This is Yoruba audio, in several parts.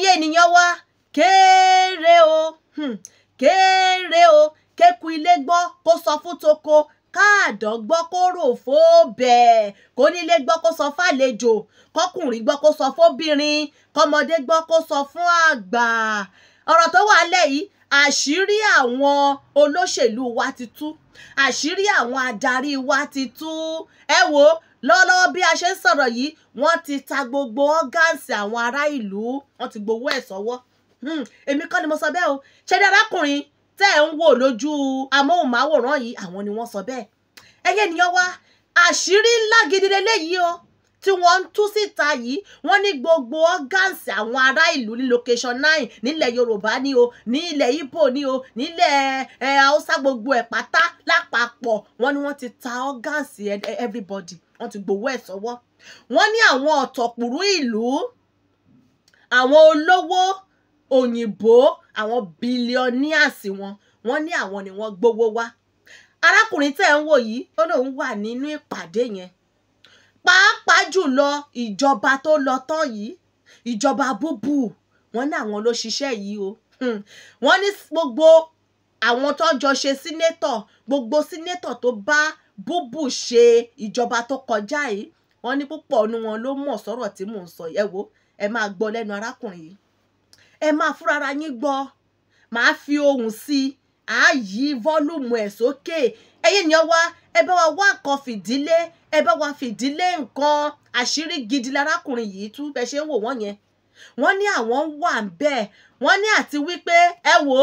ayé ènìyàn wa kéré o hmm. kéré o kéku ilé gbọ́ kó sọ fún toko káàdọ̀ gbọ́ kó rò fó bẹ́ẹ̀ kó nílé gbọ́ kó sọ fàlejò kọkùnrin gbọ́ kó sọ fóbìnrin kọmọdé gbọ́ kó sọ fún àgbà ọ̀rọ̀ tó wà lẹ̀ yìí àṣírí àwọn olóṣèlú wa ti tú àṣírí àwọn adarí wa ti tú ẹ wo lọ́wọ́lọ́wọ́ bí a ṣe ń sọ̀rọ̀ yìí wọ́n ti ta gbogbo ọ́gáǹsì àwọn ará ìlú wọ́n ti gbowó ẹ̀ sọ́wọ́ hmm, èmi kọ́ ni mo sọ bẹ́ẹ̀ o ṣẹ́ni arákùnrin tẹ́ ẹ̀ ń wò lójú amóhùnmáwòrán yìí àwọn ni wọ́n sọ bẹ́ẹ̀ ẹyẹ ènìyàn wa àṣírí ńlá gidi lélẹ́yìí o tí wọ́n ń tú síta yìí wọ́n ní gbogbo ọ́gáǹsì àwọn ará ìlú ní location nine nílẹ̀ yorùbá ni o ní ilẹ̀ ibo ni o nílẹ̀ eh, haúsá gbogbo ẹ̀ pátá lápapọ̀ wọ́n ní wọ́n ti ta ọ́gáǹsì everybody wọ́n ti gbowó ẹ̀ sọ́wọ́ wọ́n ní àwọn ọ̀tọ̀kùrú ìlú àwọn olówó òyìnbó àwọn bílíọ̀níàsì wọn wọ́n ní àwọn ni wọ́n gbowó wá arákùnrin tẹ́ ń wò yìí ó lóun wà nínú ìpàdé yẹn pàápàá jùlọ ìjọba tó lọ tán yìí ìjọba búbù wọ́n ní àwọn ló ṣiṣẹ́ yìí o hmm. wọ́n ní gbogbo àwọn tó jọ ṣe sínétọ̀ gbogbo sínétọ̀ tó bá búbù ṣe ìjọba tó kọjá yìí wọ́n ní púpọ̀ nu wọn ló mọ̀ sọ́rọ̀ tí mò ń sọ yẹ wo ẹ máa gbọ́ lẹ́nu arákùnrin yìí ẹ máa fúrara yín gbọ́ màá fi ohùn sí i á yí fọ́lùmù ẹ̀ sókè ẹ̀yin ni ọ wá ẹ bá wa wá nǹkan fìdílé ẹ bá wa fìdílé nǹkan àṣírí gidi lárákùnrin yìí tú bẹ ṣe ń wò wọ́n yẹn wọ́n ní àwọn wà ń bẹ̀ wọ́n ní àti wípé ẹ wò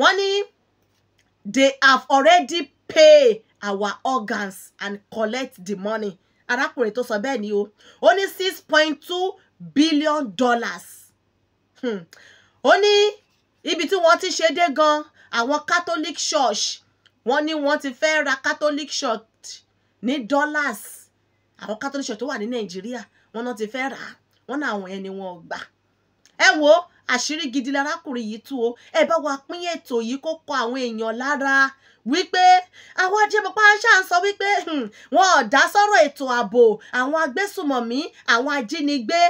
wọ́n ní they have already paid our organs and collect the money arákùnrin tó sọ bẹ́ẹ̀ ni o ó ní six point two billion dollars hmm. ó ní ibi tí wọ́n ti ṣe dé gan àwọn Catholic Church wọ́n ní wọ́n ti fẹ́ ra Catholic Church ní dollars àwọn Catholic Church tó wà ní Nàìjíríà wọ́n náà ti fẹ́ rà á wọ́n náà àwọn ẹni wọn gbà ẹ wo àṣírí gidi lárákùnrin yìí tú o ẹ bá wa pín ètò yìí kó kọ àwọn èèyàn lára wípé àwọn ajẹmọpá ṣáà ń sọ wípé hmm, wọn ò dá sọ̀rọ̀ ètò ààbò àwọn agbésùmọ̀mí àwọn ajínigbé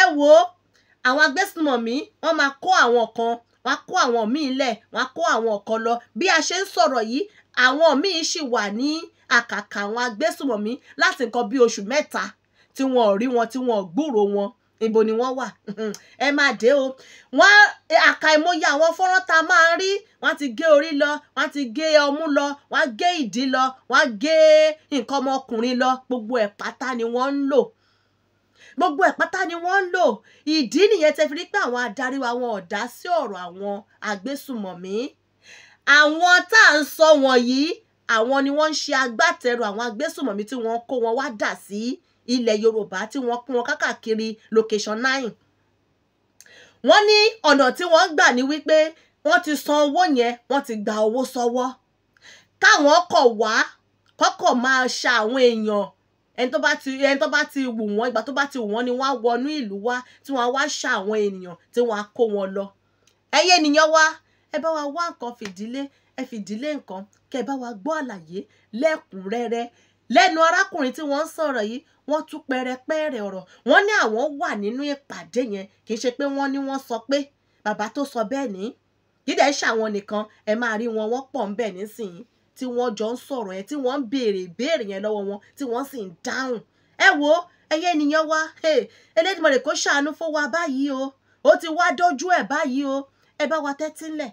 ẹ wo àwọn agbésùmọ̀mí wọn máa kó àwọn kan wọn kó àwọn míì lẹ̀ wọn kó àwọn kan lọ bí a ṣe ń sọ̀rọ̀ yìí àwọn míì sì wà ní àkàkà àwọn agbésùmọ̀mí láti nǹkan bí oṣù mẹ́ta tí wọn ò rí wọn tí wọn ò gbúrò wọn ibo ni wọ́n wà ẹ máa dé o wọ́n àkàìmọye àwọn fọ́nrán tá a máa ń rí wọ́n ti gé orí lọ wọ́n ti gé ọmú lọ wọ́n gé ìdí lọ wọ́n gé nǹkan ọmọkùnrin lọ gbogbo ẹ̀ pátá ni wọ́n ń lò gbogbo ẹ̀ pátá ni wọ́n ń lò ìdí nìyẹn tẹ́ fi rí pé àwọn adarí wa wọn ò dá sí ọ̀rọ̀ àwọn agbésùmọ̀mí àwọn tá à ń sọ wọ̀nyí àwọn ni wọ́n ń ṣe agbátẹrù àwọn agbésùmọ̀mí tí wọ́n kó wọn wá dà sí ilẹ̀ yorùbá tí wọ́n pín wọn kákàkiri location nine wọ́n ní ọ̀nà tí wọ́n gbà ní wípé wọ́n ti san owó yẹn wọ́n ti gba owó sọ́wọ́ káwọn kọ̀ wá kọ́kọ̀ máa ṣa àwọn èèyàn ẹni tó bá ti ẹni tó bá ti wù wọ́n ìgbà tó bá ti wù wọ́n ni wọ́n á wọnú ìlú wa tí wọ́n á wá ṣa àwọn ènìyàn tí wọ́n á kó wọn lọ ẹyẹ ènìyàn wa ẹ bá wa wá nǹkan fìdílé ẹ fìdílé nǹkan kẹ bá wa gbọ́ àlàyé lẹ́kùnrẹ́rẹ́ lẹ́nu arákùnrin tí wọ́n ń sọ̀rọ̀ yìí wọ́n tún pẹrẹpẹrẹ ọ̀rọ̀ wọ́n ní àwọn wà nínú ìpàdé yẹn kì í ṣe pé wọ́n ní wọ́n sọ pé bàbá tó sọ bẹ́ẹ̀ ní dídẹ̀ ṣàwọn nìkan ẹ máa rí wọn wọ́n pọ̀ ń bẹ̀ nísìnyí tí wọ́n jọ ń sọ̀rọ̀ yẹn tí wọ́n ń béèrè ìbéèrè yẹn lọ́wọ́ wọn tí wọ́n sì ń dáhùn ẹ wo ẹyẹ ènìyàn wa Elédùmarè kó ṣàánú fún wa báyìí o ó ti wá dójú ẹ̀ báyìí o ẹ bá wa tẹ́tí lẹ̀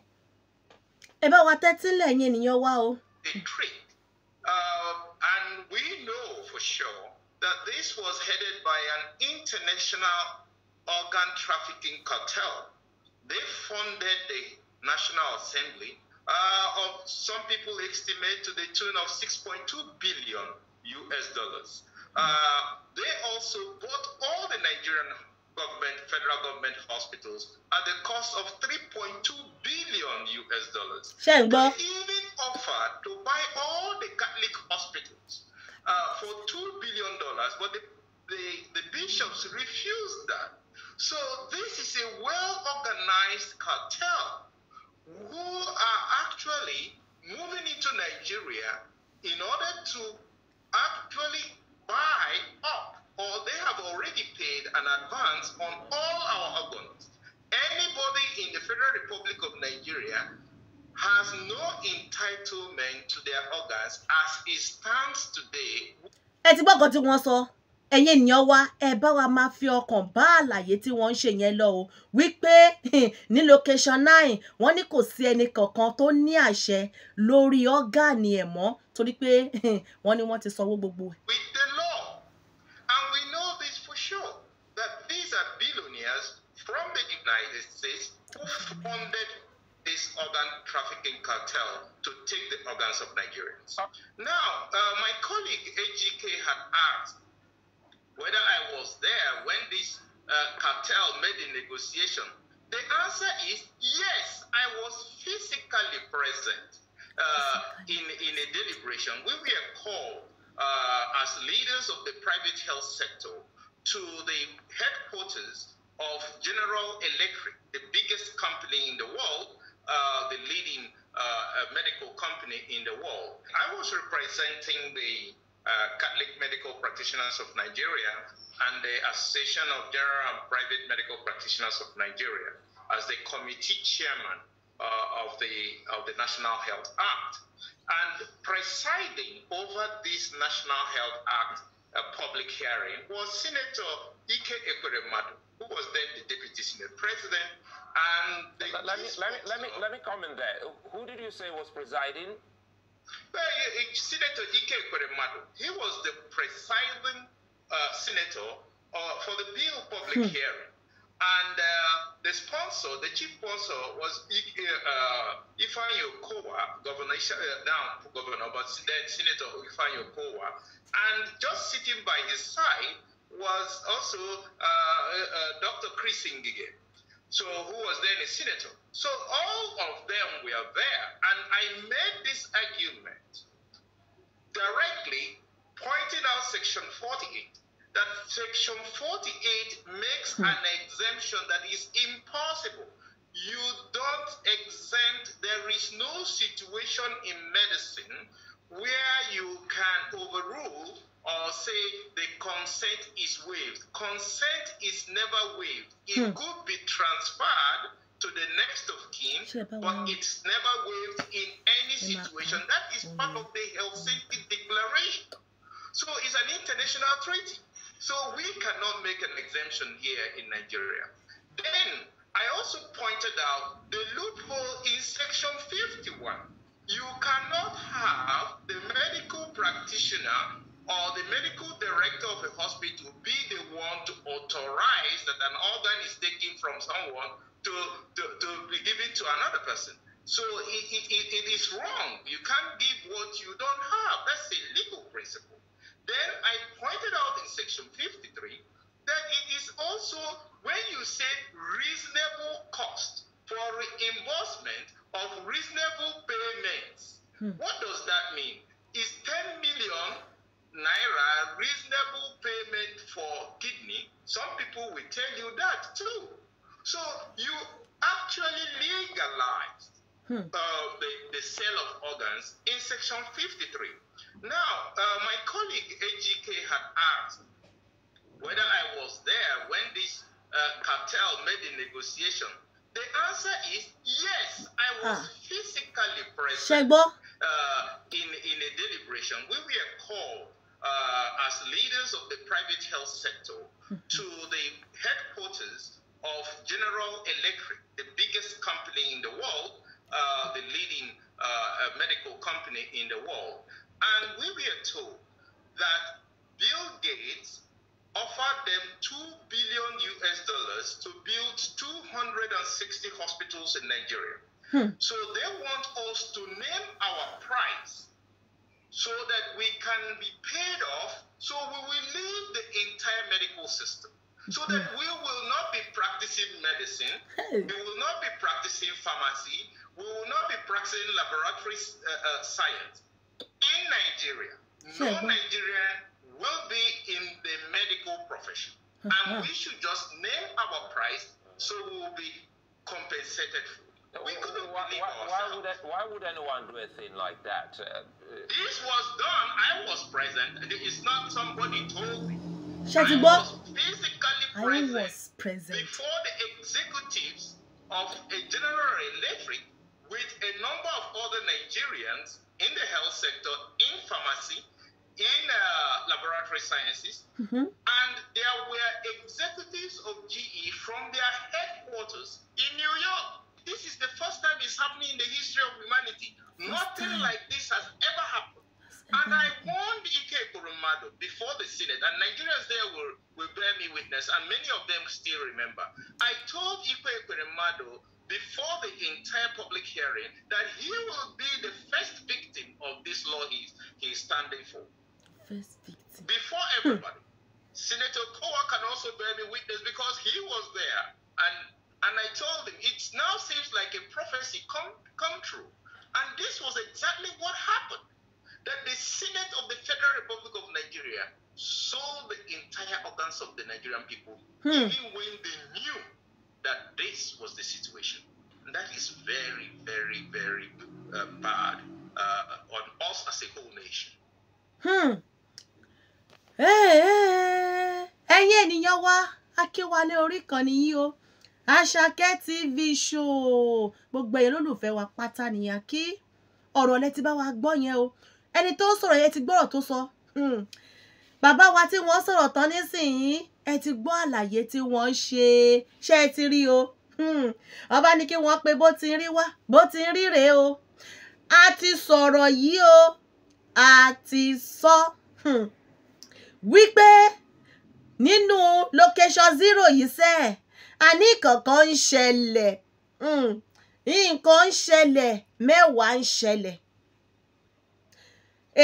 ẹ bá wa tẹ́tí lẹ̀ ẹ̀yin ènìyàn wa o. the trick we know for sure that this was headed by an international organ trafficking cartel. They funded the National Assembly uh, of some people estimate to the tune of 6.2 billion US dollars. Uh, they also bought all the Nigerian government, federal government hospitals at the cost of 3.2 billion US dollars. They even offered to buy all the Catholic hospitals uh, for $2 billion, but the, the, the bishops refused that. So this is a well-organized cartel who are actually moving into Nigeria in order to actually buy up, or they have already paid an advance on all our organs. Anybody in the Federal Republic of Nigeria has no entitlement to their organs as it stands today. ẹ ti gbọ́ kan tí wọ́n sọ ẹ̀yin ènìyàn wa ẹ bá wa máa fi ọkàn bá àlàyé tí wọ́n ń ṣe yẹn lọ o wípé ní location nine wọ́n ní kò sí ẹni kankan tó ní àṣẹ lórí ọ́gànì ẹ̀ mọ́ torí pé wọ́n ní wọ́n ti sanwó gbogbo ẹ̀. with the law and we know this for sure that these are billionaires from the United States who funded this organ trafficking cartel to take the organs of Nigerians. Now, uh, my colleague AGK had asked whether I was there when this uh, cartel made the negotiation. The answer is yes, I was physically present uh, in, in a deliberation. We were called uh, as leaders of the private health sector to the headquarters of General Electric, the biggest company in the world, uh, the leading uh, medical company in the world. I was representing the uh, Catholic Medical Practitioners of Nigeria and the Association of General and Private Medical Practitioners of Nigeria as the committee chairman uh, of the of the National Health Act. And presiding over this National Health Act public hearing was Senator Ike Ekweremadu, who was then the deputy senate president and um, let, me, let, me, let, me, let me comment there. Who did you say was presiding? Well, Senator Ike Kweremadu. He was the presiding uh, senator uh, for the bill public hmm. hearing. And uh, the sponsor, the chief sponsor, was uh, Ifan Yokowa, governor, uh, now governor, but then Senator Ifan Yokowa. And just sitting by his side was also uh, uh, Dr. Chris Ngige so who was then a senator. So all of them were there, and I made this argument directly pointing out Section 48 that Section 48 makes hmm. an exemption that is impossible. You don't exempt, there is no situation in medicine where you can overrule or say the consent is waived. Consent is never waived. It hmm. could be transferred to the next of kin, but it's never waived in any situation. That is part of the Helsinki Declaration. So it's an international treaty. So we cannot make an exemption here in Nigeria. Then I also pointed out the loophole in Section 51. You cannot have the medical practitioner or the medical director of a hospital be the one to authorize that an organ is taken from someone to, to, to be given to another person. So it, it, it is wrong. You can't give what you don't have. That's a legal principle. Then I pointed out in section 53 that it is also when you say reasonable cost for reimbursement of reasonable payments. Hmm. What does that mean? tell you that too. So you actually legalized hmm. uh, the, the sale of organs in Section 53. Now, uh, my colleague AGK had asked whether I was there when this uh, cartel made the negotiation. The answer is yes, I was ah. physically present uh, in, in a deliberation. We were called uh, as leaders of the private health sector hmm. to the General Electric, the biggest company in the world, uh, the leading uh, medical company in the world. And we were told that Bill Gates offered them 2 billion US dollars to build 260 hospitals in Nigeria. Hmm. So they want us to name our price so that we can be paid off so we will leave the entire medical system. So that we will not be practicing medicine, we will not be practicing pharmacy, we will not be practicing laboratory uh, uh, science. In Nigeria, no Nigerian will be in the medical profession. Uh-huh. and we should just name our price so we will be compensated for it. We couldn't why, believe why, why, would I, why would anyone do a thing like that? Uh, uh, this was done. I was present. It's not somebody told me. I was physically present, before the executives of a General Electric with a number of other Nigerians in the health sector, in pharmacy, in uh, laboratory sciences, mm -hmm. and there were executives of GE from their headquarters in New York. This is the first time it's happening in the history of humanity. Nothing like this has ever happened. And I warned Ike Kurumado before the Senate, and Nigerians there will, will bear me witness, and many of them still remember. I told Ike Kurumado before the entire public hearing that he will be the first victim of this law he, he is standing for. First victim. Before hmm. everybody. Senator Koa can also bear me witness because he was there. And, and I told him, it now seems like a prophecy come, come true. And this was exactly what happened. that the Senate of the Federal Republic of Nigeria sold the entire organs of the Nigerian people, hmm. even when they knew that this was the situation. And that is very, very, very uh, bad uh, on us as a whole nation. Hmm. Eh, eh, ẹ̀yin ènìyàn wa akéwálé orí kan nìyí o Àṣàkẹ́ TV show gbogbo ẹ̀yin olólùfẹ́ wa pátá nìyà kí ọ̀rọ̀ lẹ ti bá wa gbọ́ yẹn o ẹni tó sọ̀rọ̀ yẹn ti gbọ́rọ̀ tó sọ hmm. bàbá wa tí wọ́n sọ̀rọ̀ tán nísìnyí ẹ ti gbọ́ àlàyé tí wọ́n ń ṣe ẹ ti rí o hmm. ọba ní kí wọ́n pe bó ti ń rí wá bó ti ń rí rèé o a ti sọ̀rọ̀ yìí o a ti sọ hmm. wípé nínú location zero yìí sẹ́ àní kankan ń ṣẹlẹ̀ nǹkan ń ṣẹlẹ̀ mẹ́wàá ń ṣẹlẹ̀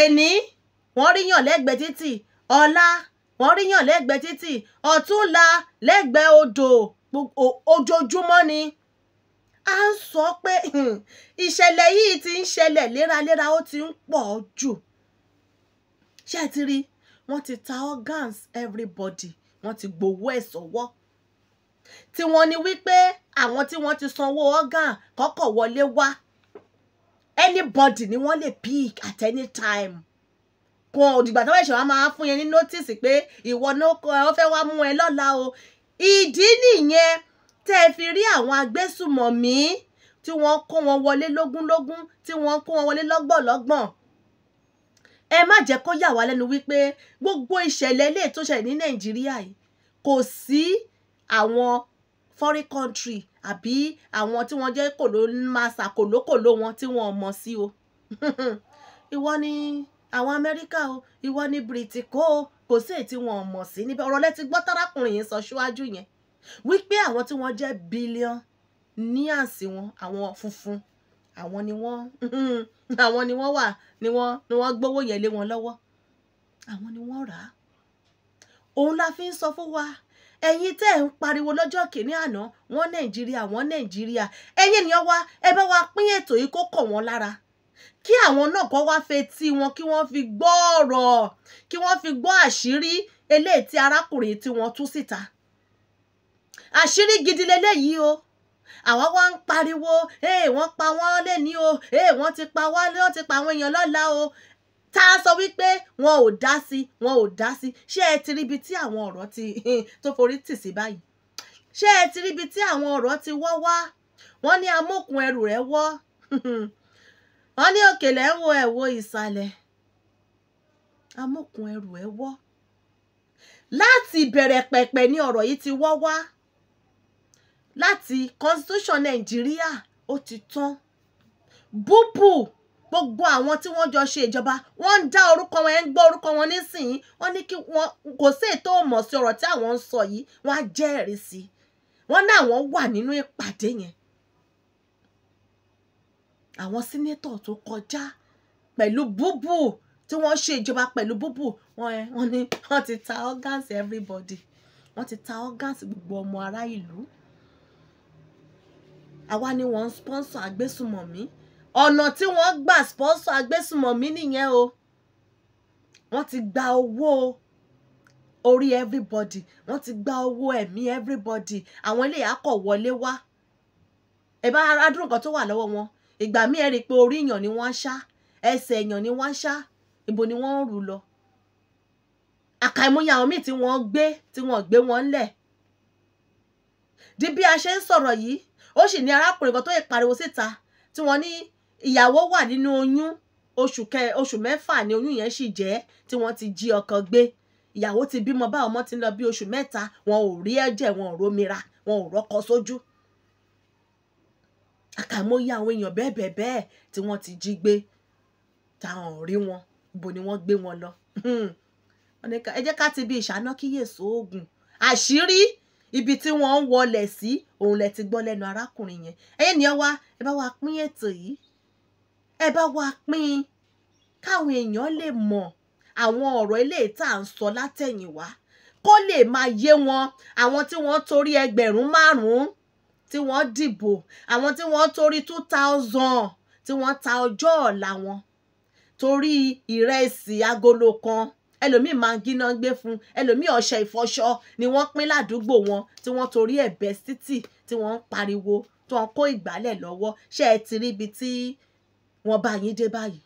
èní wọ́n ríyàn lẹ́gbẹ̀ẹ́ títì ọ̀la wọ́n ríyàn lẹ́gbẹ̀ẹ́ títì ọ̀túnla lẹ́gbẹ̀ẹ́ odò ojoojúmọ́ ni a ń sọ pé ìṣẹ̀lẹ̀ yìí ti ń ṣẹlẹ̀ léraléra ó ti ń pọ̀ jù ṣé ẹ ti rí wọ́n ti ta organs everybody wọ́n ti gbowó ẹ̀ sọ́wọ́ tí wọ́n ní wípé àwọn tí wọ́n ti sanwó organ kọ́kọ́ wọlé wá anybody ni wọ́n lè pick at any time kan òdìgbà tó ẹ̀ṣẹ̀ wa máa fún yẹn ní notice pé ìwọ náà ọ fẹ́ wá mú ẹ lọ́la o ìdí nìyẹn tẹ́ ẹ fi rí àwọn agbésùmọ̀mí tí wọ́n kó wọn wọlé lógúnlógún tí wọ́n kó wọn wọlé lọ́gbọ̀nlọ́gbọ̀n ẹ má jẹ́ kó yà wá lẹ́nu wípé gbogbo ìṣẹ̀lẹ̀ ilé tó ṣẹlẹ̀ ní nàìjíríà yìí kò sí àwọn foreign country àbí àwọn tí wọ́n jẹ́ kòló máa sa kòlókòló wọn tí wọ́n mọ̀ sí o ìwọ ni àwọn amẹ́ríkà o ìwọ ni bìrìtìkó o kò sí èyí tí wọn ò mọ̀ sí níbẹ̀ ọ̀rọ̀ lẹ́tí gbọ́ tárákùnrin yìí sọ síwájú yẹn wípé àwọn tí wọ́n jẹ́ bílíọ̀níàsì wọn àwọn funfun àwọn ni wọ́n àwọn ni wọ́n wà ni wọ́n ni wọ́n gbówó yẹn lé wọn lọ́wọ́ àwọn ni wọ́n rà á òun la fi ń sọ fún wa ẹ̀yin tẹ́ ẹ̀ ń pariwo lọ́jọ́ kìíní àná wọ́n nàìjíríà wọ́n nàìjíríà ẹ̀yin ènìyàn wa ẹ bá wa pín ètò yìí kó kàn wọ́n lára kí àwọn náà kọ́ wá fetí wọn kí wọ́n fi gbọ́ ọ̀rọ̀ kí wọ́n fi gbọ́ àṣírí eléyìí tí arákùnrin tí wọ́n tú síta àṣírí gidi leléyìí o àwa wá ń pariwo ee wọ́n pa wọ́n lẹ́ni o ee wọ́n ti pa wá wọ́n ti pa àwọn èèyàn lọ́la o tá a sọ wípé wọn ò dá sí wọn ò dá sí ṣé ẹ ti ríbi tí àwọn ọ̀rọ̀ ti tó forí tì sí báyìí ṣé ẹ ti ríbi tí àwọn ọ̀rọ̀ ti wọ́ wá wọ́n ní amókun ẹrù rẹ̀ wọ́ wọ́n ní òkèlè ń wo ẹ̀wò ìsàlẹ̀ amókun ẹrù ẹ̀ wọ́ láti ìbẹ̀rẹ̀ pẹ̀pẹ̀ ni ọ̀rọ̀ yìí ti wọ́ wá láti constitution nàìjíríà ó ti tán búpù gbogbo àwọn tí wọ́n jọ ṣe ìjọba wọ́n ń dá orúkọ wọn ẹ̀ ń gbọ́ orúkọ wọn nísìnyí wọ́n ní kí wọ́n kò sí ètò òmọ̀ sí ọ̀rọ̀ tí àwọn ń sọ yìí wọ́n á jẹ́rìí sí i wọ́n ní àwọn wà nínú ìpàdé yẹn àwọn sínétọ̀ tó kọjá pẹ̀lú búbù tí wọ́n ṣe ìjọba pẹ̀lú búbù wọ́n ní wọ́n ti ta organs everybody wọ́n ti ta organs gbogbo ọmọ ará ìlú àwa ni wọ́n ń sponsor agbésùmọ̀mí ọ̀nà tí wọ́n gbà sponsor agbésùmọ̀mí nìyẹn o wọ́n ti gba owó orí everybody wọ́n ti gba owó ẹ̀mí everybody àwọn eléyà kọ̀ wọlé wá ẹ bá adúrú nǹkan tó wà lọ́wọ́ wọn ìgbà míì ẹ rí i pé orí èèyàn ni wọ́n ń ṣá ẹsẹ̀ èèyàn ni wọ́n ń ṣá ibo ni wọ́n ń rù lọ àkàìmọye àwọn míì tí wọ́n gbé tí wọ́n gbé wọn lẹ̀ di bí a ṣe ń sọ̀rọ̀ yìí ó sì ní arákùnrin kan tó yẹ pariwo síta tí wọ́n ní ìyàwó wà nínú oyún oṣù kẹ oṣù mẹ́fà ni oyún yẹn sì jẹ́ tí wọ́n ti jí ọkọ gbé ìyàwó ti bímọ bá ọmọ ti ń lọ bí oṣù mẹ́ta wọn ò rí ẹ̀jẹ̀ wọn ò rómira wọn ò rọ́kọ sójú àkàmọye àwọn èèyàn bẹ́ẹ̀ bẹ́ẹ̀ bẹ́ẹ̀ tí wọ́n ti jí gbé táwọn ò rí wọn ibo ni wọ́n gbé wọn lọ hmm. ẹ jẹ́ ká ti bí ìṣáná kíyèsí oògùn àṣírí ibi tí wọ́n ń wọlẹ̀ sí òun lẹ ti gbọ́ lẹ́nu arákùnrin yẹn ẹ̀yẹ́ ni ẹ wá ẹ bá wa pín ètò yìí ẹ bá wa pín káwọn èèyàn lè mọ̀ àwọn ọ̀rọ̀ eléyìí tá à ń sọ látẹ̀yìnwá kó lè máa yé wọn àwọn tí wọ́n torí ẹgbẹ̀rún márùn-ún tí wọ́n dìbò àwọn tí wọ́n torí two thousand tí wọ́n ta ọjọ́ ọ̀la wọn torí ìrẹsì agolo kan ẹlòmíì máa ń gíná gbé fún ẹlòmíì ọṣẹ ìfọṣọ ni wọ́n pín ládùúgbò wọn tí wọ́n torí ẹ̀bẹ̀ sítì tí wọ́n ń pariwo tó ń kó ìgbálẹ̀ lọ́wọ́ ṣé ẹ ti rí ibi tí wọ́n bá yín dé báyìí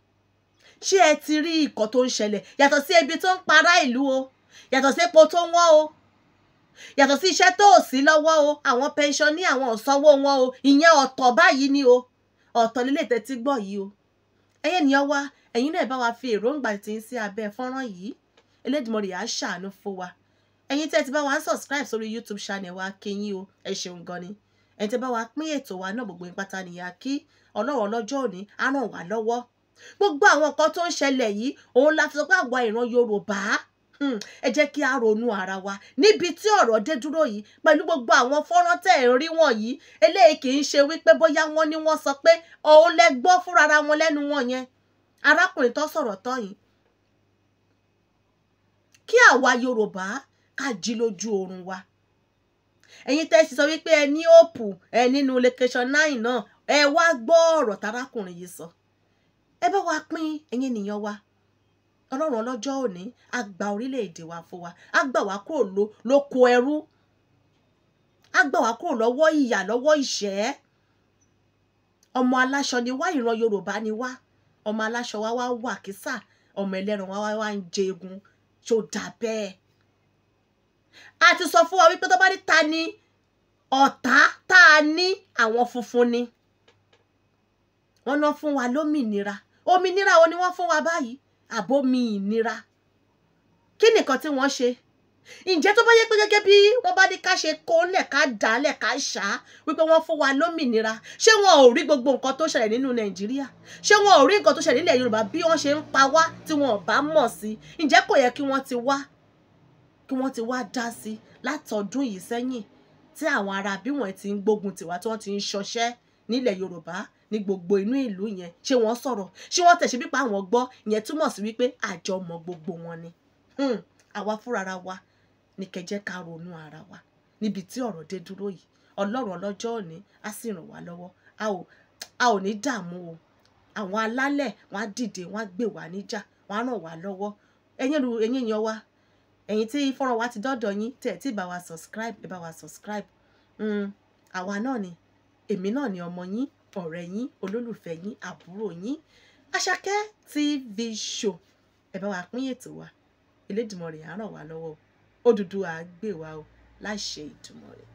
ṣé ẹ ti rí ìkọ́ tó ń ṣẹlẹ̀ yàtọ̀ sí ebi tó ń para ìlú o yàtọ̀ sí epo tó wọ́n o yàtọ̀ sí iṣẹ́ tó ò sí lọ́wọ́ o àwọn pension ní àwọn ọ̀sánwó wọn o ìyẹn ọ̀tọ̀ báyìí ni o ọ̀tọ̀ lílé tẹ́ ti gbọ́ yìí o ẹ̀yin ènìyàn wa ẹ̀yin náà bá wa fi èròǹgbà tí ń sí abẹ́ fọ́nrán yìí Elédùmarè á ṣàánú fún wa ẹ̀yin tẹ́ bá wa ń subscribe sórí YouTube channel wa kí yín o ẹ ṣeun gan ni ẹ tẹ́ bá wa pín ètò wa náà gbogbo ìpátá nìyà kí ọlọ́wọ́ ọlọ́jọ́ òní á ràn wá lọ́wọ́ gbogbo àwọn nǹkan tó ń ṣẹlẹ̀ yìí òun la fi sọ pé àwa ìran Yorùbá hmm, ẹ jẹ́ kí a ronú ara wa níbi tí ọ̀rọ̀ dé dúró yìí pẹ̀lú gbogbo àwọn fọ́nrán tẹ̀ ń rí wọ̀nyí eléyìí kì í ṣe wípé bóyá wọ́n ní wọ́n sọ pé òun lẹ gbọ́ fúnra wọn lẹ́nu wọn yẹn arákùnrin tó sọ̀rọ̀ tán yìí kí àwa Yorùbá ká jí lójú oorun wa ẹ̀yin tẹ́ sì sọ wípé ẹ ní òpù ẹ nínú location nine náà ẹ wá gbọ́ ọ̀rọ̀ tarákùnrin yìí sọ ẹ bá wa pín ẹ̀yin ènìyàn wa ọlọ́run ọlọ́jọ́ òní á gba orílẹ̀-èdè wa fún wa á gbà wá kúrò lóko ẹrú á gbà wá kúrò lọ́wọ́ ìyà lọ́wọ́ ìṣẹ́ ọmọ aláṣọ ni wá ìran yorùbá ni wá ọmọ aláṣọ wa wá wà kísà ọmọ ẹlẹ́ran wa wá ń jẹ egun tó dà bẹ́ẹ̀ a ti sọ fún wa wípé tó bá ní ta ni ọ̀tá tá a ní àwọn funfun ni wọ́n náà fún wa lómìnira òmìnira wo ni wọ́n fún wa báyìí àbómi ìnira kí nìkan tí wọ́n ṣe ǹjẹ́ tó bá yẹ pé gẹ́gẹ́ bí wọ́n bá ní ká ṣe kó lẹ̀ ká dà lẹ̀ ká ṣá wípé wọ́n fún wa lómìnira ṣé wọn ò rí gbogbo nǹkan tó ṣẹlẹ̀ nínú nàìjíríà ṣé wọn ò rí nǹkan tó ṣẹlẹ̀ nílẹ̀ yorùbá bí wọ́n ṣe ń pa wá tí wọn ò bá mọ̀ sí ǹjẹ́ kò yẹ kí wọ́n ti wá kí wọ́n ti wá dá sí látọdún yìí sẹ́yìn tí àwọn ará bí wọ́n ti ń gbógun tiwa tí wọ́n ti ń ṣọṣẹ́ nílẹ̀ Yorùbá ní gbogbo inú ìlú yẹn ṣé wọ́n sọ̀rọ̀ ṣé wọ́n tẹ̀sí pípa àwọn gbọ́ ìyẹn túmọ̀ sí wípé àjọmọ̀ gbogbo wọn ni hmm, àwa fúnra wa ní kẹjẹ́ ká ronú ara wa níbi tí ọ̀rọ̀ dé dúró yìí ọlọ́run ọlọ́jọ́ òní á sì ràn wá lọ́wọ́ a ò ní dààmú o àwọn alálẹ̀ wọn á dìde wọn á gbè wá níjà wọn á ràn wá lọ́wọ́ ẹ̀yin èèyàn wa ẹ̀yin tí fọ́nrán wa ti dọ́dọ̀ yín tí ẹ̀ tí bá wa subscribe ẹ bá wa subscribe hmm, àwa náà ni èmi náà ni ọmọ yín ọ̀rẹ́ yín olólùfẹ́ yín àbúrò yín Àṣàkẹ́ TV show ẹ bá wa pín ètò wa Elédùmarè á ràn wá lọ́wọ́ Odùduwà á gbè wá o láṣẹ Ìdùmarè.